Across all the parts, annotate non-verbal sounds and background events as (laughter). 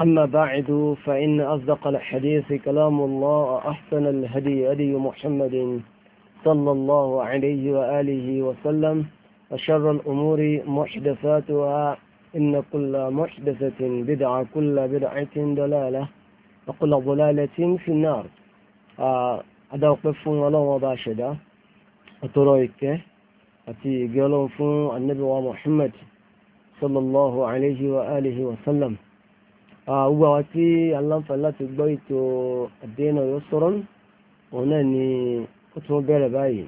أما بعد فإن أصدق الحديث كلام الله أحسن الهدي هدي محمد صلى الله عليه وآله وسلم وشر الأمور محدثاتها إن كل محدثة بدعة كل بدعة دلالة وكل ضلالة في النار هذا وقف ولا وباشدة أترويك أتي قالوا النبي ومحمد صلى الله عليه وآله وسلم Ah, gbogbo àwọn tí aláǹfààní láti gbọ́ ètò àdéhùn ọ̀yọ́ sọ̀rọ̀ òun náà ni ó tún bẹ̀rẹ̀ báyìí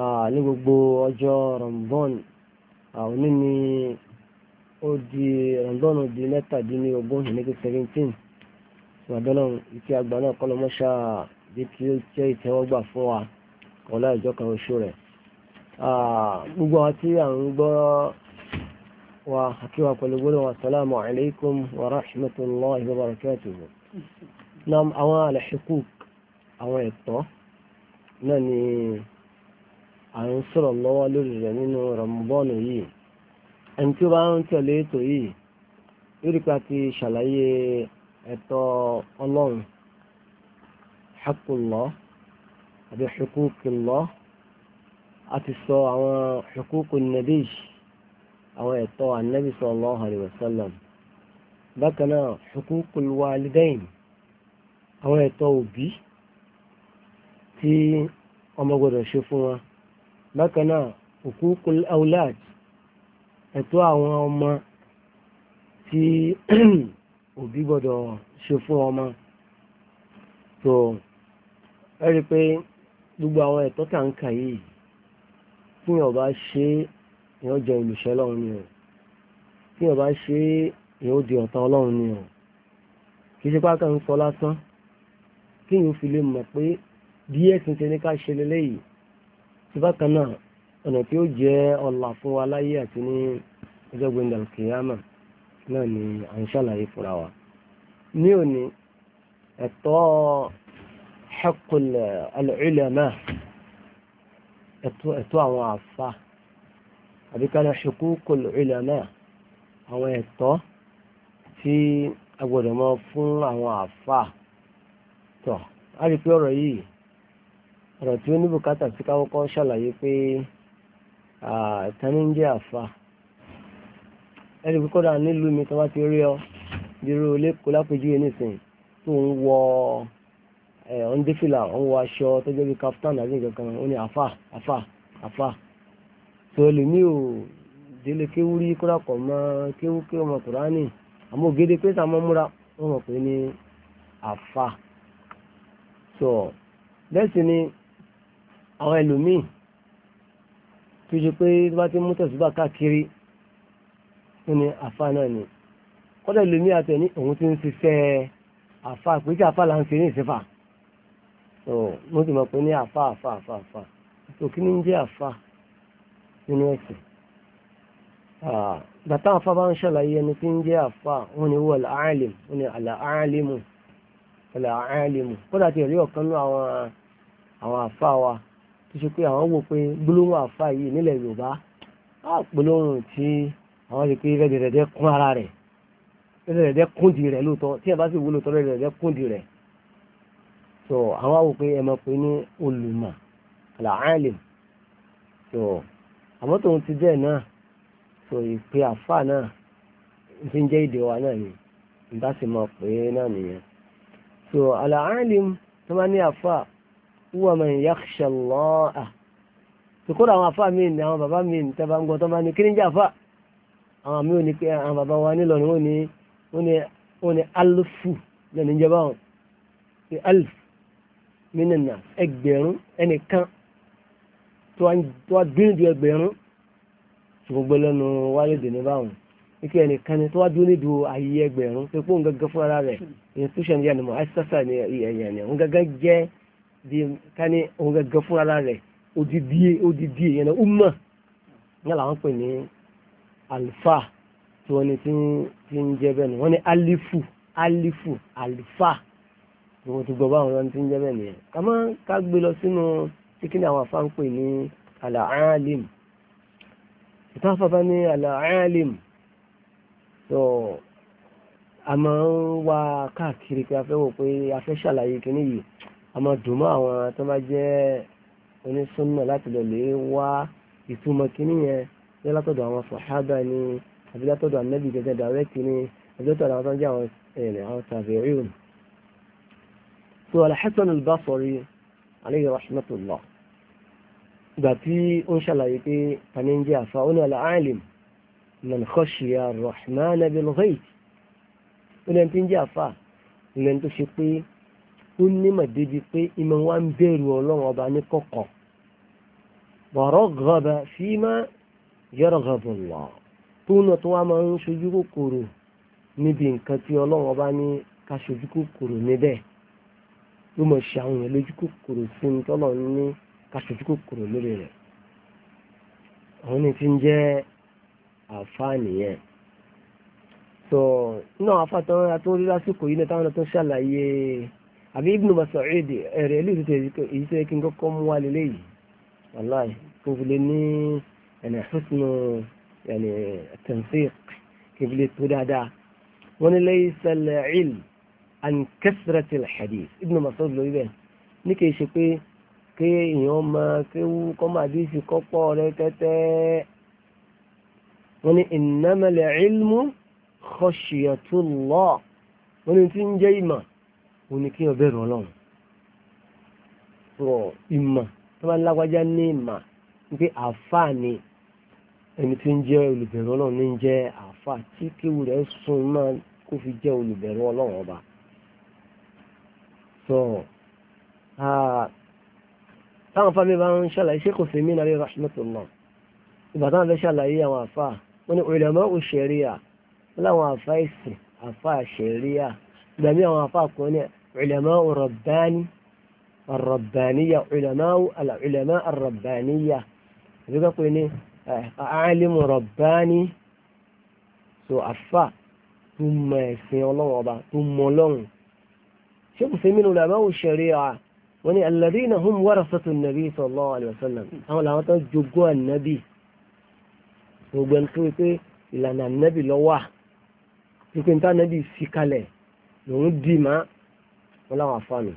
ah, ní gbogbo ọjọ́ rọ̀mbọ́n ah, òní ni ó di rọ̀mbọ́n di mẹ́tàdínlógún ní pé seventeen ìgbàdọ́nà ìtì àgbà náà kọ́ lọ́mọ́ṣá bí tí ó jẹ́ ìtẹ́wọ́gbà fún wa ọ̀la ìjọ kan oṣù rẹ̀ gbogbo àwọn tí à ń gbọ́ وحكيوا قلوبنا والسلام عليكم ورحمة الله وبركاته نعم أوان الحقوق أوان الطو ناني أنصر الله للجنين رمضان يي أنت بان تليتو يي يركاتي شلاي الطو الله حق الله بحقوق الله أتصو عن حقوق النبي àwọn ẹ̀tọ́ anabi sallallahu alayhi wa sallam bákan náà huququl walidain àwọn ẹ̀tọ́ òbí tí ọmọ gbọ́dọ̀ ṣe fún wa bákan náà huququl awlad ẹ̀tọ́ àwọn ọmọ tí (clears throat) òbí gbọ́dọ̀ ṣe fún ọmọ tó ẹ pé gbogbo àwọn ẹ̀tọ́ tá ń kà yìí tí yàn ṣe é èèyàn jẹ olùṣẹ́ ọlọ́run ni o tí èèyàn bá ṣe é èèyàn ó di ọ̀tá ọlọ́run ni o kì í ṣe pákà ń sọ lásán kí èèyàn fi lè mọ̀ pé bí ẹ̀sìn ti ní ká ṣe lélẹ́yìí tí bákan náà ọ̀nà tí ó jẹ́ ọ̀la fún wa láyé àti ní ọjọ́ gbẹ̀ngàn kìyàmà náà ni à ń ṣàlàyé fúnra wa ní òní ẹ̀tọ́ haqqul ulama ẹ̀tọ́ àwọn àfa àbí ká ní huququl ulama àwọn ẹ̀tọ́ tí a gbọ́dọ̀ mọ fún àwọn àfà tọ̀ á rí i pé ọ̀rọ̀ yìí ọ̀rọ̀ tí ó ní bùkátà sí káwọn kan ṣàlàyé pé ìtaní ń jẹ́ àfà ẹni pé kọ́dà nílùú mi tí wọ́n ti rí ọ bírú lẹ́kọ̀ọ́ lápèjúwe nísìn tó ń wọ ọ̀ndẹ́fìlà ń wọ aṣọ tó jẹ́ bí kaftan àbí nǹkan kan ó ní àfà àfà àfà tó ẹlòmíì ò délé kéwúrí kódà kọ̀ mọ́ kéwú kéwú ọmọ kùránì àmọ́ ògèdè pé sàmọ́ múra wọ́n mọ̀ pé ní àfa sọ bẹ́ẹ̀ sì ni àwọn ẹlòmíì tó ṣe pé bá ti mú tẹ̀síbà káàkiri wọ́n ní àfa náà ni kọ́dà ẹlòmíì àti ẹni òun ti ń ṣiṣẹ́ àfa pé tí àfa là ń ṣe ní ìṣẹ́fà mo sì mọ̀ pé ní àfa àfa àfa àfa òkè ní ń jẹ́ àfa nínú ẹ̀sìn bàtà àfa bá ń ṣàlàyé ẹni tí ń jẹ́ àfa wọn ni wọ́n àálìm wọn ni àlàálìmù àlàálìmù kódà tí ẹ̀rí ọ̀kan náà àwọn àwọn àfa wa tó ṣe pé àwọn wò pé gbólóhùn àfa yìí nílẹ̀ yorùbá á gbólóhùn tí àwọn rí pé rẹ́dẹ̀rẹ́dẹ́ kún ara rẹ̀ rẹ́dẹ̀rẹ́dẹ́ kún di rẹ̀ lóòótọ́ tí ẹ bá sì wúlò tọ́ rẹ́dẹ̀rẹ́dẹ́ kún àmọ́ tòun ti bẹ́ẹ̀ náà sọ ìpè àfà náà ti ń jẹ́ èdè wa náà ni ìbá sì máa pè é náà nìyẹn so al-alim tó máa ní àfà huwa man yakhsha Allah tòkòrò àwọn àfà mi ni àwọn bàbá mi tẹ́ bá ń gbọ́ tó máa ní kí ni jẹ́ àfà àwọn mi ò ní pé àwọn bàbá wa nílò ni wọ́n ní wọ́n ní wọ́n lẹ́nu ìjọba wọn ní alifu mí ẹgbẹ̀rún ẹnìkan tó wá dúró nídìí ẹgbẹ̀rún ṣùgbọ́n gbẹlẹ́nu wálé dèní báwọn ike ẹnìkan ni tó wá dúró nídìí ayé ẹgbẹ̀rún pé pọ́n gẹ́gẹ́ fún ara rẹ̀ institution yẹn ni mo asasa ni ẹ̀yẹ̀ ni òun gẹ́gẹ́ jẹ́ bí kání òun gẹ́gẹ́ fún ara rẹ̀ odidi odidi yẹn umma ní làwọn pè ní alfa tí wọ́n ní ti ń jẹ́ bẹ́ẹ̀ ni wọ́n ní alifu alifu alfa tí wọ́n ti gbọ́ báwọn lọ́n ti ń jẹ́ bẹ́ẹ̀ nìyẹn kàmá ká gbé lọ sínú tí kí ni àwọn afá ń pè ní alaalim ìtàfàfà ní alaalim so a máa ń wá káàkiri pé a fẹ́ wò pé a fẹ́ ṣàlàyé kíní yìí a máa dùn mọ́ àwọn tó bá jẹ́ onísúnnà láti lọ lè wá ìtumọ̀ kíní yẹn ní látọ̀dọ̀ àwọn sàhábà ni àbí látọ̀dọ̀ ànábì gẹ́gẹ́ dàrẹ́kì ni àbí látọ̀dọ̀ àwọn tó ń jẹ́ àwọn eh, tàbí ríùn so al alayhi rahmatullah ìgbà tí ó ń ṣàlàyé pé tani ń jẹ́ àfa ó ní al-alim man khashiya ar-rahman bil-ghayb ó ní ẹni tí ń jẹ́ àfa ó ní ẹni tó ṣe pé ó nímọ̀ débi pé ìmọ̀ wa ń bẹ̀rù ọlọ́run ọba ní kọ̀kọ̀ wa raghaba fima yarghabu Allah tóun tó wá máa ń ṣojú kòkòrò níbi nǹkan tí ọlọ́run ọba ní ká ṣojú kòkòrò níbẹ̀ yóò mọ̀ ṣe àwọn èèyàn lójú kòkòrò sí ní tọ́lọ̀ ní kàṣojú kòkòrò lórí rẹ̀ àwọn ní ti ń jẹ́ àfa nìyẹn tó nínú àwọn afa tán a tó rí lásìkò yìí náà táwọn tó ṣàlàyé àbí Ibn Mas'ud ẹ̀rẹ̀ ilé èyí tó yẹ kí n kọ́kọ́ mú wa lélẹ́ yìí wàláì kò fi lè ní ẹ̀nà husnu ẹ̀nà tansiq kò fi lè tó dáadáa wọ́n ní laysa al-ilm an kasratil hadith ibn Mas'ud lórí bẹ́ẹ̀ ní kìí ṣe pé kí èèyàn máa kéwú kọ́ máa bí sí kọ́pọ̀ rẹ tẹ́tẹ́ wọ́n ní innamal ilmu khashiyatullah wọ́n ní tí ń jẹ́ ìmọ̀ wọ́n ní kí wọ́n bẹ̀rù ọlọ́run sọ ìmọ̀ tó bá lágbájá ní ìmọ̀ wípé àáfàá ni ẹni tí ń jẹ́ olùbẹ̀rù ọlọ́run ní ń jẹ́ àáfàá tí kéwú rẹ̀ sún máa kó fi jẹ́ olùbẹ̀rù ọlọ́run ọba so táwọn fámi bá ń ṣàlàyé ṣé kò sí mí nàlẹ́ rahmatullah ìgbà táwọn fẹ́ ṣàlàyé àwọn àfa wọn ni ulama sharia láwọn àfa ìsìn àfa sharia ìgbàmí àwọn àfa kan ní ulama eh, rabbani الربانية علماء العلماء الربانية يقول عالم رباني سو أفا ثم سيولون وبا ثم لون شيخ سيمين علماء الشريعة وني الذين هم ورثة النبي صلى الله عليه وسلم أو لا تجوا النبي وبن كويتي إلى أن النبي لوا يمكن تان النبي سكالة لون ديما ولا عفاني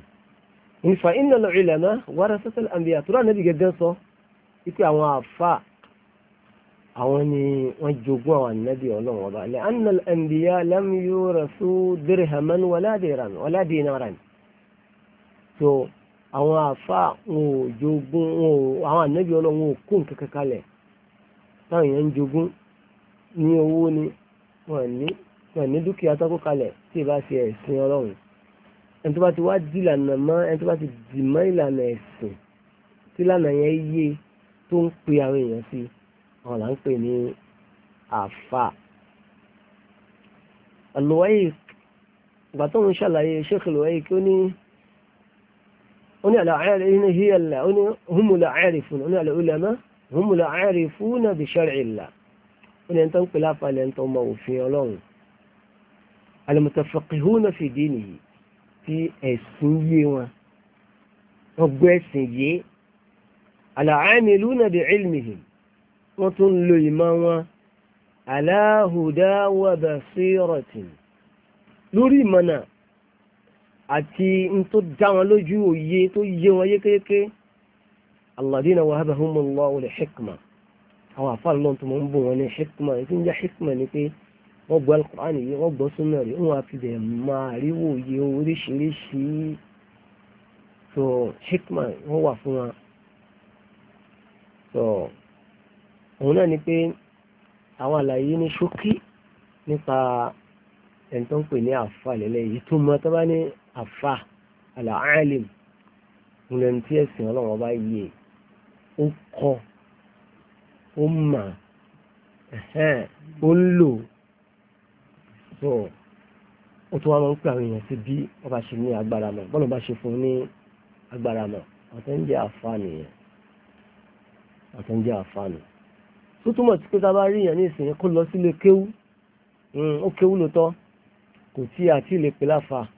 إن فإن العلماء ورثة الأنبياء ترى النبي قد ينصح يكي أوان عفا àwọn ni wọ́n jogún àwọn ànábì ọlọ́run ọba ní annal anbiya lam yurathu dirhaman wala so àwọn àfa wọn ò jogún wọn ò àwọn ànábì ọlọ́run wọn ò kó nǹkan kankalẹ̀ táwọn èèyàn ń jogún ní owó ni wọn ní wọn ní dúkìá tó kó kalẹ̀ tí ì bá ṣe ẹ̀sìn ọlọ́run ẹni tó bá ti wá dì lànà mọ́ ẹni tó bá ti dì mọ́ ìlànà ẹ̀sìn tí lànà yẹn yé tó ń pe àwọn èèyàn sí i wọn là ń pè ní àfà alùwáyìk ìgbà tó ń ṣàlàyé sheikh alùwáyìk ó ní ó ní àlàáyàrí ní hiyàlá ó ní húmùlà àárí fún ó ní àlàúlàmá húmùlà àárí fún náà bí ṣàrìlá ó ní ẹni tó ń pè láfàlẹ̀ ẹni tó mọ òfin ọlọ́run alùmùtàfàkìhúnà fìdí nìyí tí ẹ̀sìn yé wọn wọ́n gbọ́ ẹ̀sìn yé àlàáyàmìlú náà bí ilmihim wọ́n tún lo ìmọ̀ wọn aláhùdá wa basiratin lórí ìmọ̀nà àti n tó dá wọn lójú òye tó yé wọn yékéyéké alladina wahabahumullahu al-hikma àwọn àfáà lọ́n tó máa ń bò wọn ní hikma ètò ń jẹ́ hikma ni pé wọ́n gbọ́ al yìí wọ́n gbọ́ súnà rí wọn àfi bẹ̀ máa ríwò yé oríṣiríṣi so hikma wọ́n wà fún wa òun náà ni pé àwọn àlàyé ní ṣókí nípa ẹni tó ń pè ní àfà lẹ́lẹ́ yìí tó mọ tó bá ní àfà àlàáìlìm òun lẹni tí ẹ̀sìn ọlọ́wọ́ bá yé ó kọ́ ó mà ó ń lò tó ó tó wá máa ń pè àwọn èèyàn sí bí wọ́n bá ṣe ní agbára mọ̀ bọ́lá bá ṣe fún ní agbára mọ̀ ọ̀tẹ́ ń jẹ́ àfà nìyẹn ọ̀tẹ́ ń jẹ́ àfà nìyẹn tó túmọ̀ sí pé tá a bá rí èèyàn ní ìsìn kó lọ sílé kéwú hmm, ó kéwú lóòótọ́ kò tí àti lè pè láfa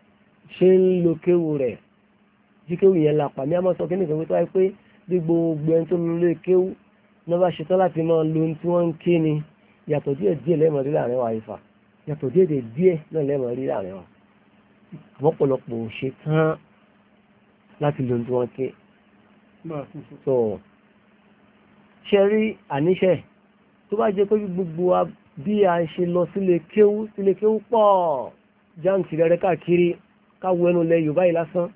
ṣé ń lo kéwú rẹ̀ jí kéwú yẹn lápá ní àmọ́ sọ kí nìkan pé tó wáyé pé bí gbogbo ẹni tó lọ lé kéwú ní wọ́n bá ṣetán láti máa lo ohun tí wọ́n ń ké ni yàtọ̀ díẹ̀ díẹ̀ lẹ́mọ̀ rí láàrin wa ìfà yàtọ̀ díẹ̀ díẹ̀ náà lẹ́mọ̀ rí láàrin wa àmọ́pọ̀lọpọ̀ ṣe tán láti lo ohun tí wọ́n ké. so ṣe rí àníṣe tó bá jẹ́ pé gbogbo wa bí a ṣe lọ sílé kéwú sílé kéwú pọ̀ jáǹtì rẹ̀ káàkiri káwo ẹnu lẹ yorùbá yìí lásán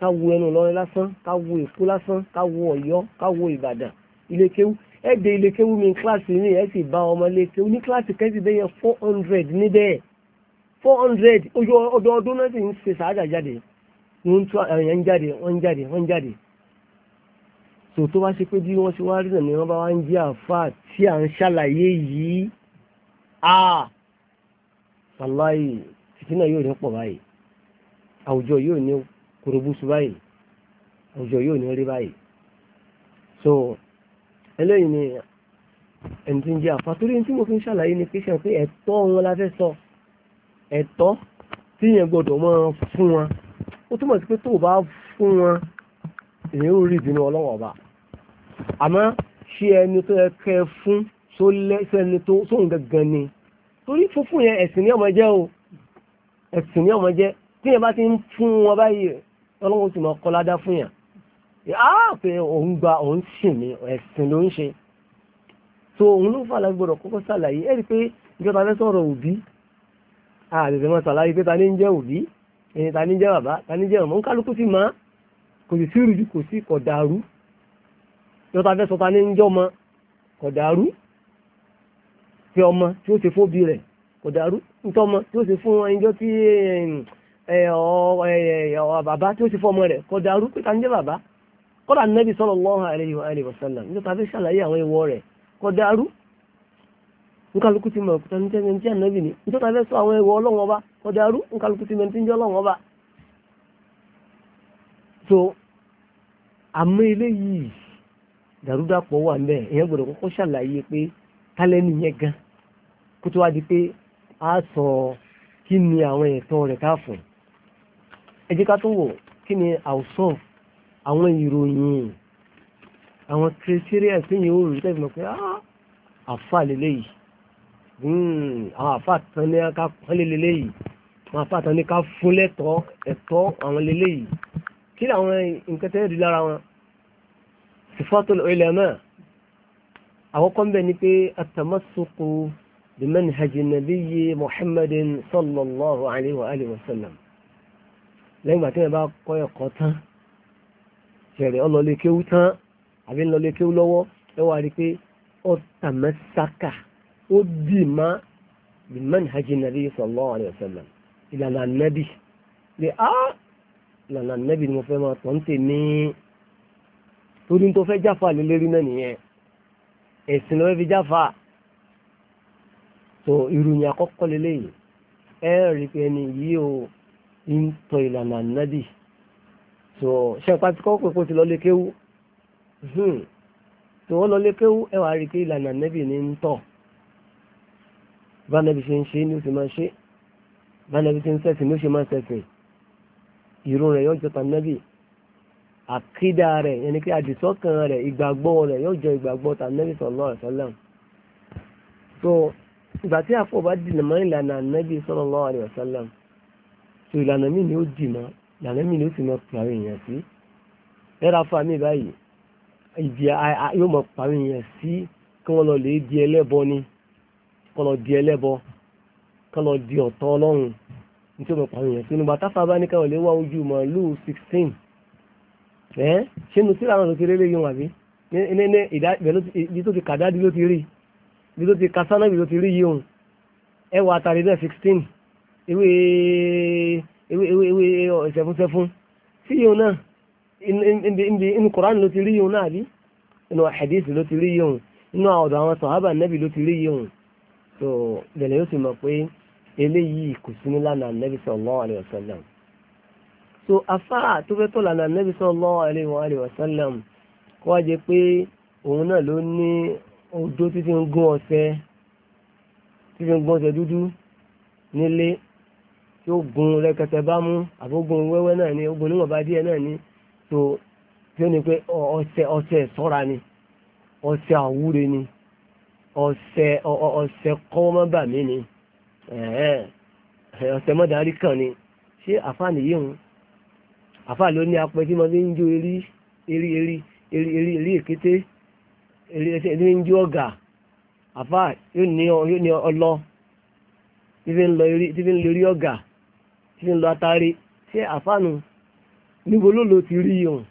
káwo ẹnu lọrin lásán káwo èkó lásán káwo ọ̀yọ́ káwo ìbàdàn ilé kéwú ẹ dé ilé kéwú mi kíláàsì ní ẹ sì bá ọmọ ilé kéwú ní kíláàsì kẹ́sì bẹ́ẹ̀ yẹn four hundred níbẹ̀ four hundred ọdọọdún náà sì ń ṣe sàájà jáde wọ́n ń jáde wọ́n ń jáde wọ́n ń jáde so tó bá ṣe pé bí wọ́n ṣe wá rí náà ni wọ́n bá wá ń jẹ́ àfa tí à ń ṣàlàyé yìí a wàláì fìtínà yóò ní pọ̀ báyìí àwùjọ yóò ní kòròbùsù báyìí àwùjọ yóò ní rí báyìí so eléyìí ni ẹni tí ń jẹ́ àfa torí tí mo fi ń ṣàlàyé ni kí ṣe pé ẹ̀tọ́ wọn la fẹ́ sọ ẹ̀tọ́ tí yẹn gbọ́dọ̀ máa fún wọn ó túmọ̀ sí pé tó o bá fún wọn èyí ó rí ìbínú ọlọ́wọ́ ọba àmọ́ ṣé ẹni tó yẹ kẹ́ fún tó lẹ́sẹ̀ ẹni tó sóhun gangan ni torí fúnfún yẹn ẹ̀sìn ní ọmọ jẹ́ o ẹ̀sìn ní ọmọ jẹ́ tí yẹn bá ti ń fún wọn báyìí ọlọ́run sì máa kọ́lá dá fún yàn áá òun gba òun sì ní ẹ̀sìn ló ń ṣe so òun ló fà lágbọ́dọ̀ kọ́kọ́ ṣàlàyé ẹ̀rí pé ìjọba fẹ́ sọ̀rọ̀ òbí àtẹ̀tẹ̀ máa ṣàlàyé pé ta ní ń jẹ́ òbí ẹni ta ní ń jẹ́ bàbá ta ní jẹ́ màmá ń kálukú sí máa kò sì sí ìrújú kò sí kọ̀dàrú yọta fẹ́ sọta ní jẹ́ ọmọ kọ̀dàrú tí ọmọ tí ó ṣe fóbi rẹ̀ kọ̀dàrú ntọ́mọ tí ó ṣe fún ẹnjọ́ tí bàbá tí ó ṣe fọmọ rẹ̀ kọ̀dàrú pé tani jẹ́ bàbá kọ́dà nẹ́bí sallallahu alaihi wa sallam yọta fẹ́ ṣàlàyé àwọn ìwọ rẹ̀ kọ̀dàrú nkálukú ti mọ̀ òkúta ní tẹ́lẹ̀ tí ànábì ni nítorí fẹ́ sọ àwọn ẹ̀wọ̀ ọlọ́run ọba kọjárú nkálukú ti mọ̀ tí ń jẹ́ ọlọ́run ọba. so àmọ́ eléyìí dàrúdàpọ̀ wà ń bẹ̀ èèyàn gbọ́dọ̀ kọ́kọ́ ṣàlàyé pé tálẹ́nì yẹn gan kó tó wá di pé a sọ kí ni àwọn ẹ̀tọ́ rẹ̀ ká fún ẹ jẹ́ ká tó wò kí ni àwùsọ̀ àwọn ìròyìn àwọn kìrìsìríà tí yìí ó rí tẹ́fì mọ̀ pé ah, àfà lélẹ̀ yìí hmm, àwọn àfà tán ní ká pọ́n lélẹ̀ yìí àwọn àfà tán ní ká fún lẹ́tọ̀ọ́ ẹ̀tọ́ àwọn lélẹ̀ yìí kí ni àwọn nǹkan tẹ́ sifatul ulama àkọ́kọ́ ń bẹ̀ ni pé atamassuku bi manhaji nabiyyi muhammadin sallallahu alayhi wa alihi wa sallam lẹ́yìn ìgbà tí wọ́n bá kọ́ ẹ̀kọ́ tán ṣẹ̀rẹ̀ ọlọ́lẹ̀ kéwú tán àbí ńlọlẹ̀ kéwú lọ́wọ́ ẹ wá rí pé ó tàmẹ́sáka ó dì má bi manhaji nabiyyi sallallahu alayhi wa ìlànà nabi lè á ìlànà nabi ni mo fẹ́ máa tọ́ ń tè ní torí tó fẹ́ jáfa lélẹ́rí náà nìyẹn ẹ̀sìn lọ́wọ́ fi jáfa tó ìròyìn àkọ́kọ́ lélẹ́yìn ẹ rí pé ẹni yìí ò ń tọ ìlànà nádì tó ṣẹpa tí kọ́kọ́ kó ti lọ́lé kéwú tó hmm. wọ́n lọ́lé kéwú ẹ wàá rí pé ìlànà nẹ́bì ní ń tọ̀ bá ṣe ń ṣe ni ó ti máa ṣe bá ṣe ń sẹ̀sìn ni ó ṣe máa sẹ̀sìn ìrun rẹ̀ yọ̀ọ́ jọta nẹ́bì àkídà rẹ̀ yẹn ni pé àdìsọ́kàn rẹ̀ ìgbàgbọ́ rẹ̀ yóò jọ ìgbàgbọ́ ta nẹ́bí sallallahu alaihi wasallam so ìgbà tí àfọ̀ bá dì mọ́ ìlànà nẹ́bí sallallahu alaihi wasallam so ìlànà mi ni ó dì mọ́ ìlànà mi ni ó sì mọ́ pàrọ̀ èèyàn sí ẹ̀rọ afọ àmì báyìí ìdí yóò mọ̀ pàrọ̀ èèyàn sí kí wọ́n lọ lè di ẹlẹ́bọ ni kí wọ́n lọ di ẹlẹ́bọ kí wọ́n lọ di ọ̀tọ̀ ọlọ́run nítorí mọ̀ pàrọ̀ èèyàn sí nígbà ẹ́ ṣé nu síra náà ló abi. N'i yín wàbí ní ní ìdá ibi tó ti kàdádi ló ti rí ibi tó ti kasánà ibi tó ti rí yìí òun ẹ wà àtàrí náà sixteen ewé ewé ewé ewé ṣẹfúnṣẹfún sí yìí òun náà ibi inú koran ló ti rí yìí òun náà àbí inú hadith ló ti rí yìí òun inú ọ̀dọ̀ àwọn sàhábà nẹ́bì ló ti rí yìí òun tó yóò pé eléyìí kò so afá tó fẹ́ tọ̀là náà Nabi sallallahu alaihi wa alihi wa sallam kó wá jẹ pé òun náà ló ní odó títí ń gún ọṣẹ títí ń gún ọṣẹ dúdú nílé tí ó gun rẹkẹtẹ bá mú àbógun wẹ́wẹ́ náà ni ogun níwọ̀nba díẹ̀ náà ni so tí ó ní pé ọṣẹ ọṣẹ ìṣọ́ra ni ọṣẹ àwúre ni ọṣẹ ọṣẹ kọ́mọ́bàmí ni ọṣẹ mọ́darí kan ni ṣé àfáàní yìí ń àfáà ló ní apẹ tí mo fi ń jó eré eré eré eré eré eré èkété eré ẹsẹ ẹni ń jó ọ̀gà àfáà yóò ní yóò ní ọlọ tí fi ń lọ eré tí fi ń lọ eré ọ̀gà tí fi ń lọ atare ṣé àfáà nù níbo ló lo ti rí òun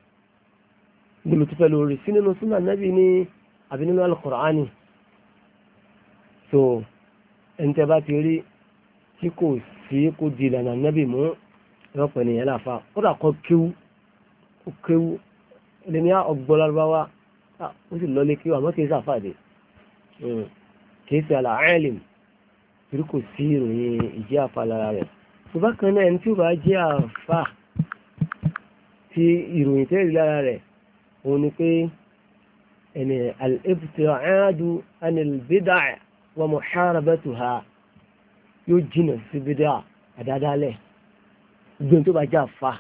níbo ló ti fẹ́ lórí sí nínú súnà nẹ́bí ní àbí nínú alukùránì so ẹni tẹ́ bá ti rí tí kò sí kó di ìlànà nẹ́bí mú yóò pè ní ẹláfà kódà kọ kíw kó kíw lèmi ọgbọ́n lárúbáwá ah, ó sì lọlé kíw àmọ́ kìí sàfàdé hmm. kìí sí àlà àìlìm torí kò sí ìròyìn ìjẹ́ àfà lára rẹ̀ tó bá kan náà ẹni tí ó bá jẹ́ àfà ti ìròyìn tẹ́rì lára rẹ̀ òun ni pé ẹni al-ibti'adu anil bid'a wa muharabatuha yóò jìnà sí bídà àdádálẹ̀ gbé tó bá jà fa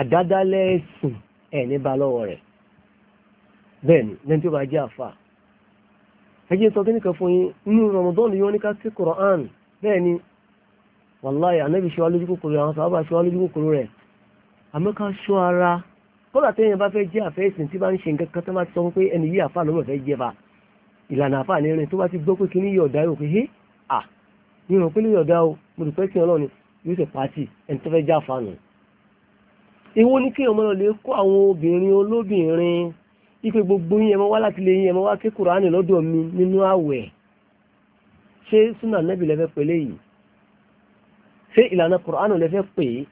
àdádálẹ̀ ẹ̀sìn ẹ̀ ní ba lọ́wọ́ rẹ̀ bẹ́ẹ̀ ni lẹ́ni tó bá jà fa ẹjẹ́ sọ kíníkan fún yín inú Ramadan yóò ní ká sí Quran bẹ́ẹ̀ ni wàláyé anábì ṣe wá lójú kòkòrò àwọn sábà ṣe wá lójú kòkòrò rẹ̀ àmọ́ká ṣọ́ ara kọ́lá tẹ́yìn bá fẹ́ jẹ́ àfẹ́ ìsìn tí bá ń ṣe nǹkan kan tó bá ti sọ pé ẹni yìí àfa lọ́mọ̀ fẹ́ jẹ́ bá ìlànà àfa ní rìn tó bá ti gbọ́ pé kíní yọ̀ọ̀dá yóò pé hé à nínú pé yọ̀ọ̀dá o mo dùpẹ́ sí Ọlọ́run yóò ṣe pàtì ẹni tó fẹ́ já fanù. èwo ni kí ọmọ lọ́lẹ̀ kó àwọn obìnrin olóbìnrin ipe gbogbo yín ẹ máa wá láti lè yín ẹ wá ké kùránì lọ́dọ̀ mi nínú àwẹ̀ ṣé súnà nẹ́bì lẹ́fẹ́ pẹ̀lẹ́ yìí ṣé ìlànà kùránì lẹ́fẹ́ pè é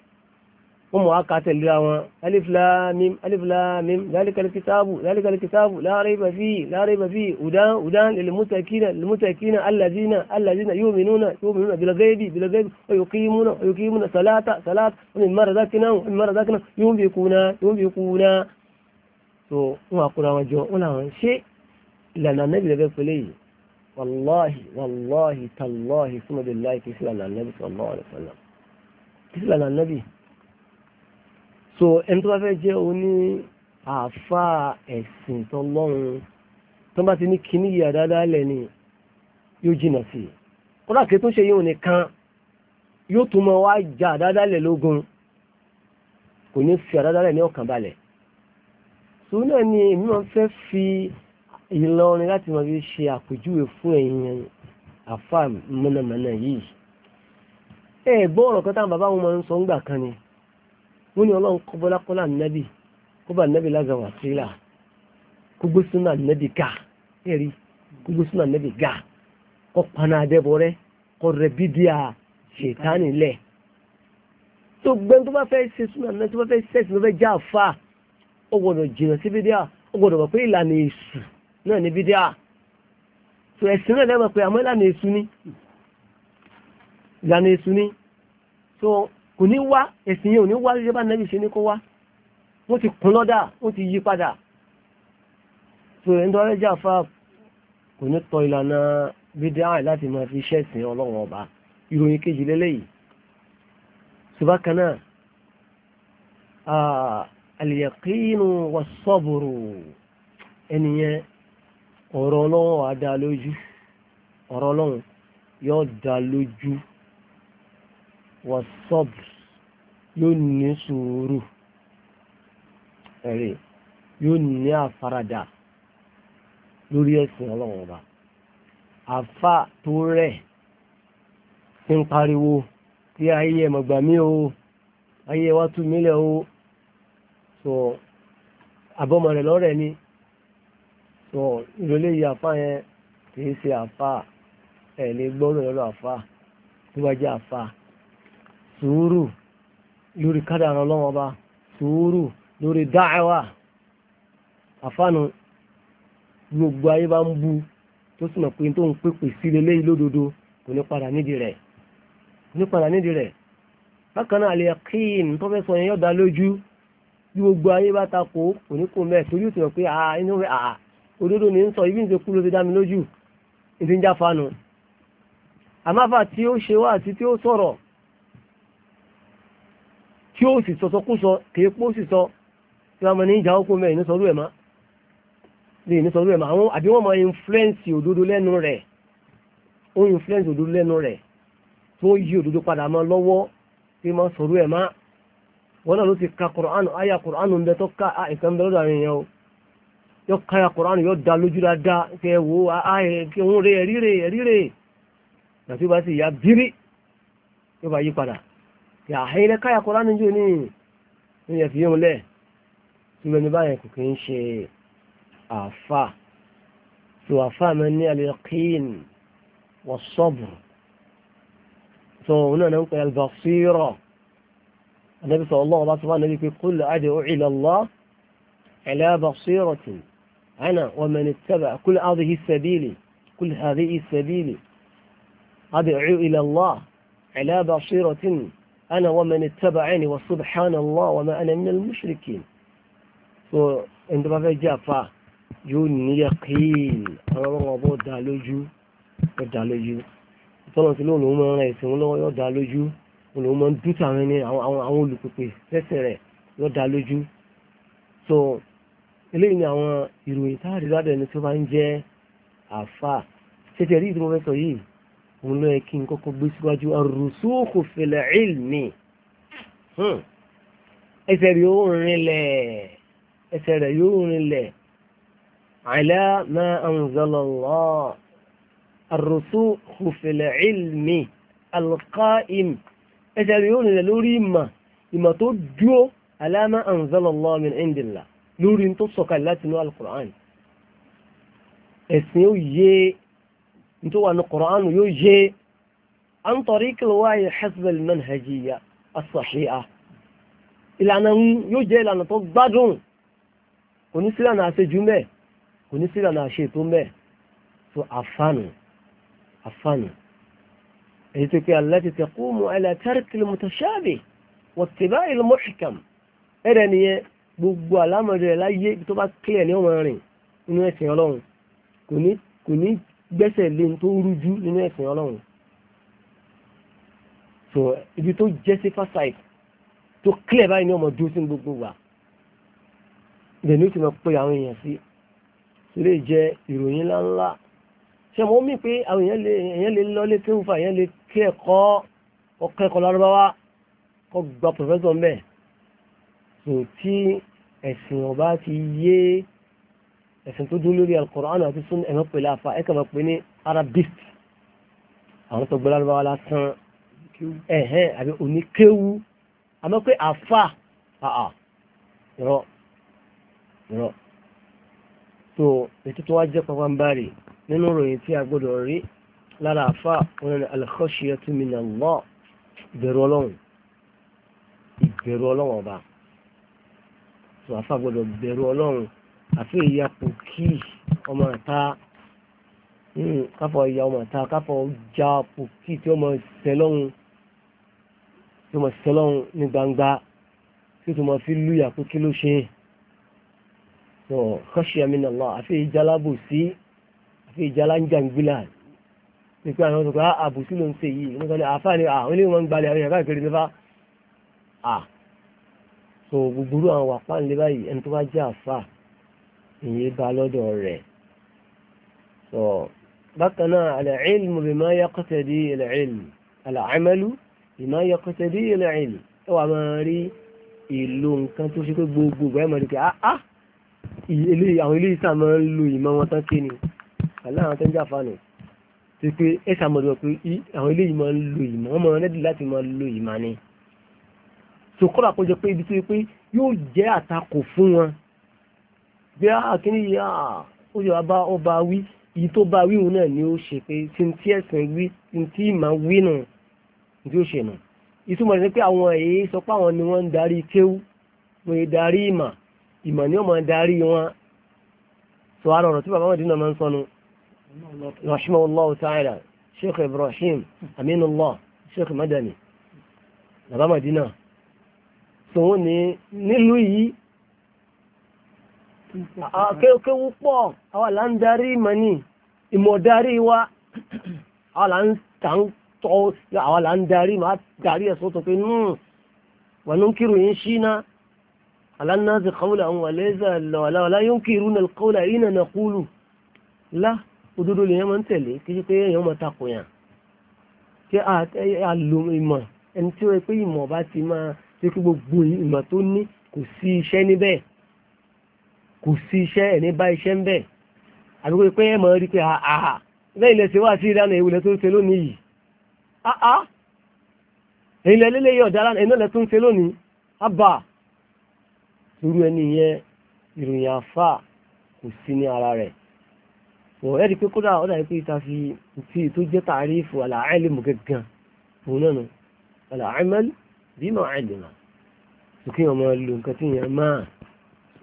ومواقعة الدعوة ألف لا ميم ألف لا ميم ذلك الكتاب ذلك الكتاب لا ريب فيه لا ريب فيه ودا ودا للمتأكين للمتأكين الذين الذين يؤمنون يؤمنون بالغيب بالغيب ويقيمون ويقيمون صلاة صلاة من مرة ذاكنا من مرة ذاكنا ينفقون ينفقون تو ما قرا وجو ولا شيء لنا نبي ذاك فلي والله والله تالله ثم بالله كيف لنا النبي صلى الله عليه وسلم كيف لنا النبي so ẹni tó bá fẹ́ jẹ́ oní àfa ẹ̀sìn tọlọ́run tó bá ti ní kíní yìí àdáadáa lẹ́ni yóò jìnà sí i kódà kí tó ṣe yóò nìkan yóò tún mọ wá ja àdáadáa lẹ̀ lógun kò ní fi àdáadáa lẹ̀ ní ọkàn balẹ̀ so náà ni èmi máa fẹ́ fi Ìlọrin láti máa fi ṣe àpèjúwe fún ẹ̀yin àfa mọ̀nàmọ́ná yìí ẹ̀ gbọ́ ọ̀rọ̀ kan táwọn bàbá wọn máa ń sọ ńgbà kan ni wọ́n ní ọlọ́run kọ́ bọ́lá kọ́ náà nẹ́bì kó bá nẹ́bì lágbà wà sí là kó gbé súnà nẹ́bì ga ẹ̀rí kó gbé súnà nẹ́bì ga kọ́ paná adẹ́bọ̀ rẹ kọ́ rẹ bídíà ṣètánì lẹ̀ tó gbẹ́ tó bá fẹ́ ṣe súnà nẹ́bì tó bá fẹ́ ṣẹ́sì ló fẹ́ já àfa ó gbọ́dọ̀ jìnnà sí bídíà ó gbọ́dọ̀ wọ̀ pé ìlànà èṣù náà ní bídíà tó ẹ̀sìn náà lẹ́mọ̀ pé àmọ́ ìlànà èṣù ni ìlànà èṣù ni tó kò ní wá ẹ̀sìn yẹn ò ní wá rí bá nẹ́bí ṣe ní kó wá wọ́n ti kún lọ́dà wọ́n ti yí padà tó ẹ̀ ń dọ́rẹ́ jà fà kò ní tọ ìlànà bídáà láti máa fi ṣẹ̀sìn ọlọ́run ọba ìròyìn kejì lélẹ́yìí ṣùgbọ́n kan náà àlìyàkínú wàsọ́bùrù ẹnìyẹn ọ̀rọ̀ ọlọ́run á dá lójú ọ̀rọ̀ ọlọ́run yóò dá lójú wọ́sọ́bù yóò ní sùúrù ẹ̀rẹ̀ yóò ní àfaradà lórí ẹ̀sìn ọlọ́run ọba àfa tó rẹ̀ ti ń pariwo tí ayé ẹ̀ o ayé wa tú mílẹ̀ o sọ àbọ̀mọ̀ rẹ̀ lọ́rẹ̀ ni sọ ìrọ̀lẹ́ yìí àfa yẹn kì í ṣe àfa ẹ̀ lè gbọ́rọ̀ lọ́rọ̀ àfa tó bá jẹ́ àfa sùúrù lórí kádàrà ọlọ́wọ́ ọba sùúrù lórí dáẹwà àfáànù gbogbo ayé bá ń bu tó sì mọ̀ pé tó ń pèpè sí lélẹ́yìí lódodo kò ní padà nídìí rẹ̀ kò ní padà nídìí rẹ̀ bákan náà àlè kíìn tó fẹ́ sọ yẹn yọ̀dá lójú bí gbogbo ayé bá ta kó kò ní kó mẹ́ẹ̀ torí ó ti mọ̀ pé àá inú rẹ̀ àá òdodo ní ń sọ ibi ń ṣe kú ló fi dá mi lójú ìdí ń jáfanu tí ó ṣe wá àti tí ó sọ̀rọ̀ tí ó sì sọsọ kú sọ kéèpó sì sọ tí wọ́n mọ̀ ní ìjà oko mẹ́rin ní sọrú ẹ̀ má lè ní ẹ̀ má àwọn àbí wọ́n influence òdodo lẹ́nu rẹ̀ ó influence òdodo lẹ́nu rẹ̀ tó yí òdodo padà mọ́ lọ́wọ́ tí mọ́ sọrú ẹ̀ má wọ́n náà ló ti ka Qur'an aya Qur'an ń bẹ tó ká nǹkan ń bẹ lọ́dọ̀ àwọn èèyàn o yọ káyà Qur'an yọ da lójú dáadáa kẹ wo ààyè kí òun rè ẹ̀rí rè ẹ̀rí rè gbàtí ó àhẹ́rẹ́ káyà kọ́ lánàá jò ní ìyẹn fi yóò lẹ̀ tí wọ́n ní báyẹn kò kì í ṣe àfà tó àfà mi ní al-yaqin was-sabr tó òun náà ń pè al-basira anabi sallallahu alaihi wasallam anabi pé qul ad'u ila Allah ala basiratin ana أنا ومن اتبعني وسبحان الله وما أنا من المشركين فإن بابا جافا يون يقين أنا ربو دالوجو دالوجو tọ́lọ́n ti lóòlù ọmọ rẹ̀ ìsìn lọ́wọ́ yóò dá lójú òun ọmọ dúkìá rẹ̀ ní àwọn olùpèpè fẹ́sẹ̀ rẹ̀ yóò dá lójú. so eléyìí ni àwọn ìròyìn táàrí ládẹ̀ ni tó bá ń jẹ́ àfà ṣètẹ̀rí ìdúró fẹ́ sọ yìí òun ló yẹ kí n kọ́kọ́ gbé síwájú ar-rusukhu fil ilmi hmm. ẹsẹ̀ rẹ̀ yóò rinlẹ̀ ẹsẹ̀ rẹ̀ yóò rinlẹ̀ ala ma anzala Allah ar-rusukhu fil ilmi al-qa'im ẹsẹ̀ rẹ̀ yóò rinlẹ̀ lórí ìmọ̀ ìmọ̀ tó dúró ala ma anzala Allah min indillah lórí tó sọ̀kalẹ̀ láti inú al-Qur'an ẹ̀sìn ó yé tó wà ní Kùránù yóò yé an tariqil wahyi hasbal manhajiyya as-sahiha ìlànà yóò jẹ́ ìlànà tó gbádùn kò ní sílànà àṣejù mẹ́ kò ní sílànà àṣetó mẹ́ tó àfánù àfánù èyí tó pé allati taqumu ala tarkil mutashabih wattiba'il muhkam ẹ̀rẹ̀ gbogbo àlámọ̀dé rẹ̀ láyé tó bá kílẹ̀ ní ọmọ rìn inú ẹ̀sìn gbẹ́sẹ̀ lé tó rújú nínú ẹ̀sìn ọlọ́run so ibi tó jẹ́ sí fásitì tó clear báyìí ní ọmọ dúró sí gbogbo wa ìdẹ̀ ní ó ti mọ̀ pé àwọn èèyàn sí lè jẹ́ ìròyìn ńláńlá ṣe mọ́ mí pé àwọn èèyàn lè lọ́lé tí ó ń fa èèyàn lè kí ẹ̀kọ́ ọkẹ́kọ̀ọ́ lárúbáwá kọ́ gba pòfẹ́sọ̀ mẹ́ so tí ẹ̀sìn ọba ti yé ẹ̀sìn tó dúró lórí alukoran àti sún ẹ̀mọ́ pẹ̀lú afa ẹ̀ka máa pè ní arabist àwọn tó gbọ́dọ̀ lọ́wọ́ lásán ẹ̀hẹ́n àbí oníkéwu àmọ́ pé afa àà rọ rọ tó ètò tó wá jẹ́ pàpàǹbarì nínú ìròyìn tí a gbọ́dọ̀ rí lára afa wọn ni al-khashiyatu min Allah ìbẹ̀rù ọlọ́run ìbẹ̀rù ọlọ́run ọba tó afa gbọ́dọ̀ bẹ̀rù ọlọ́run àfi ìyá kò kí ọmọ ìta hmm, káfọ ìyá ọmọ ìta káfọ ìjà kò kí tí ọmọ ìsẹlọ́hún tí ọmọ ìsẹlọ́hún ní gbangba tí ó tún mọ fi lùyà pé kí ló ṣe tó khashiya min Allah àfi ìjà lábòsí àfi ìjà láńjàngbìlà nípa àwọn ọ̀sán pé ah, àbòsí ló ń ṣe yìí nípa ní àfáà ni ah, àwọn ilé wọn ń gbalẹ̀ àwọn ìyàrá ìkiri nípa à ah. so gbogbo àwọn wàpá ńlẹ báyìí ẹni tó bá jẹ́ àfáà ìyẹn bá lọ́dọ̀ rẹ̀ sọ bákan náà al-ilmu bima yaqtadi al-ilm al-amalu bima yaqtadi al-ilm ẹ wà máa rí ìlò nǹkan tó ṣe pé gbogbo ẹ̀ mọ̀lẹ́kẹ́ àá àwọn ilé ìsà máa ń lo ìmọ̀ wọn tán kí ni aláwọn tó ń jàfà nù ti pé ẹ sàmọ̀dọ̀ pé àwọn ilé ìmọ̀ ń lo ìmọ̀ wọn máa rẹ́dì láti máa lo ìmọ̀ ni so kọ́ra kó jẹ pé ibi tó yẹ pé yóò jẹ́ àtakò fún wọn bí àkíní ah, yìí ah, ó yọ ọba ọba wí èyí tó bá wíhun náà ni ó ṣe pé tí n tí ẹ̀sìn wí tí n tí ìmọ̀ wí nù ní tí ó ṣe nù ìtumọ̀ ní pé àwọn èyí sọ pé àwọn ni wọ́n ń darí kéwú wọ́n ń darí ìmọ̀ ìmọ̀ ni ó máa darí wọn sọ ara ọ̀rọ̀ tí bàbá wọn dínà máa ń sọnu rahimahullah ta'ala sheikh ibrahim aminullah sheikh madani bàbá madina sọ wọn ní nílùú yìí kéwú pọ̀ àwọn là ń darí mani ìmọ̀darí wa àwọn là ń tà ń tọ́ àwọn là ń darí màá darí ẹ̀sọ́ tó pé nù wọn ń kírun yín ṣínà aláǹnáàzì kọ́wùlà àwọn wàlẹ́zà lọ́wọ́lá yóò kírun náà kọ́wùlà yìí nà nàkúlù lá òdodo lèèyàn máa ń tẹ̀lé kí ṣe pé èèyàn máa takò yàn kí a ìmọ̀ ẹni tí ó yẹ pé ìmọ̀ bá ti máa ṣe kí gbogbo ìmọ̀ tó ní kò sí iṣẹ́ níbẹ̀ kò sí iṣẹ́ ẹ̀ ní bá iṣẹ́ ń bẹ̀ àbí pé ẹ mọ̀ rí pé àhà ah, ah, lẹ́yìn lẹ́sẹ̀ wá sí ìdáná ìwúlẹ̀ tó ń ṣe lónìí yìí àhà ah, èyí lẹ́ lélẹ́ yọ̀ dára ẹ̀nà lẹ́ tó ń ṣe lónìí àbà irú ẹni yẹn ìròyìn àfà kò sí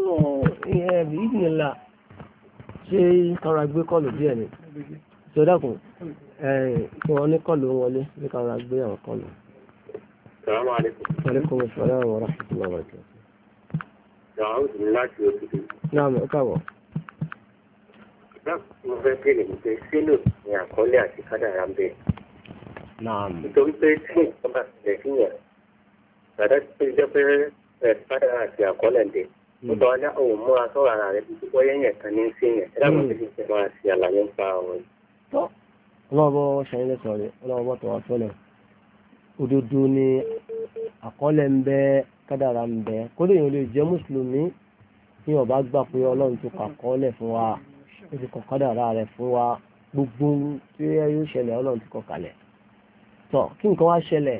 so ìdìnnìlà ṣe kàrà gbé kọlù díẹ̀ ni tí ó dákun kí wọ́n ní kọlù wọlé ní kàrà gbé àwọn kọlù. Assalamu alaikum. Alaikum assalam mo fẹ́ kí ni pé sílò àti kádàrá ń bẹ. Nítorí pé tí nǹkan ti bẹ̀ síyàn, bàdá ti pé jẹ́ pé kádàrá àti àkọlé ń bẹ ó sọ ní òun múra sọ̀rọ̀ ara rẹ̀ bí wọ́n yẹn kan ní sí yẹn ẹ̀dá kan tẹ̀lé ṣe máa ṣe àlàyé nípa ọ̀rọ̀ yìí. ọlọ́wọ́ ṣẹyìn lẹ́sọ̀rọ̀ rẹ̀ ọlọ́wọ́ tó wá sọ́lẹ̀ òdodo ni àkọọ́lẹ̀ ń bẹ kádàrà ń bẹ kódé yìí ó lè jẹ́ mùsùlùmí ní ọba gbà pé ọlọ́run tó kà kọ́ọ́lẹ̀ fún wa ó ti kọ kádàrà rẹ̀ fún wa gbogbo tí yóò ṣẹlẹ̀ ọlọ́run ti kọ kalẹ̀ tọ́ kí nǹkan wá ṣẹlẹ̀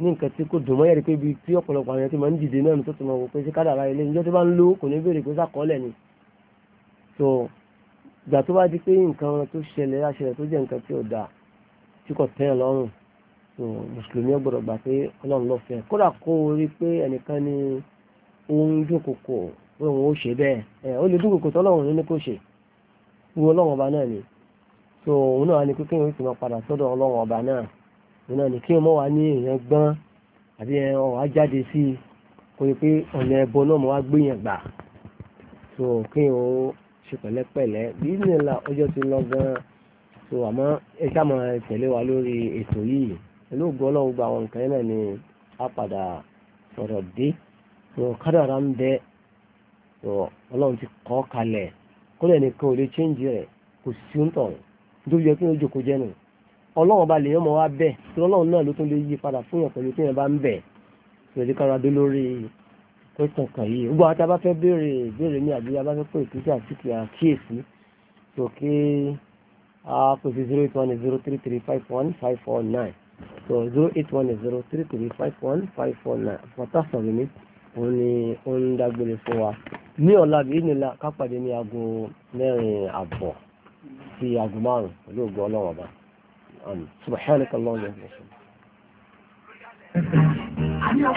ní nǹkan tí kò dùnmọ́ yẹ̀rì pé ibi tí ọ̀pọ̀lọpọ̀ àwọn yẹn ti máa ń dìde náà tó ti máa wò pé ṣé kádàrá ilé ìjọ tó bá ń lo kò ní béèrè pé sàkọọ́lẹ̀ ni so ìgbà tó bá di pé nǹkan tó ṣẹlẹ̀ aṣẹlẹ̀ tó jẹ́ nǹkan tí ò dáa tí kò tẹ́ ẹ lọ́rùn so mùsùlùmí gbọ́dọ̀ gbà pé ọlọ́run ló fẹ́ kódà kó o rí pé ẹnìkan ni ó ń dúnkòkò òun ó ṣe bẹ́ẹ̀ ẹ ó lè dúnkòkò tọ́lọ́run ní kò ṣe wú ọlọ́run ọba náà ni so òun náà ni pé kéèyàn ó sì máa padà sọ́dọ̀ ọlọ́run ọba náà iná ni kí ọmọ wa ní èèyàn gbọ́n àbí ọ̀wá jáde sí i kó yẹ pé ọ̀nà ẹ̀bọ náà mo wá gbéyàn gbà so kí n ò ṣe pẹ̀lẹ́pẹ̀lẹ́ bí nílà ọjọ́ ti lọ gan-an so àmọ́ ẹ ṣáà máa tẹ̀lé wa lórí ètò yìí pẹ̀lú ògbó ọlọ́run gba àwọn nǹkan náà ni a padà sọ̀rọ̀ dé so kádàrá ń bẹ so ọlọ́run ti kọ́ kalẹ̀ kó lẹ́nìkan ò lè ṣéǹjì rẹ̀ kò sí ń tọ̀ nítorí yẹ kí n jòkó jẹ́ nù ọlọ́run ba lè yọmọ wa bẹ̀ tí ọlọ́run náà ló tún lè yí padà fún yàn pẹ̀lú tí yàn bá ń bẹ̀ pẹ̀lú káradó lórí pẹ̀sàn kan yìí gbogbo àwọn tí béèrè béèrè ní àbí a bá fẹ́ pè kí sí àti kí àpèsè zero eight one zero three three five one five four nine so zero eight one zero three three five one five four nine fọtá sọ̀rọ̀ mi òun ni ó ń dágbére fún wa ní ọ̀la bíi nílá kápàdé ní aago mẹ́rin àbọ̀ sí aago márùn-ún pẹ̀lú ògbó ọlọ́wọ̀n báyìí subhanaka Allahumma wa bihamdika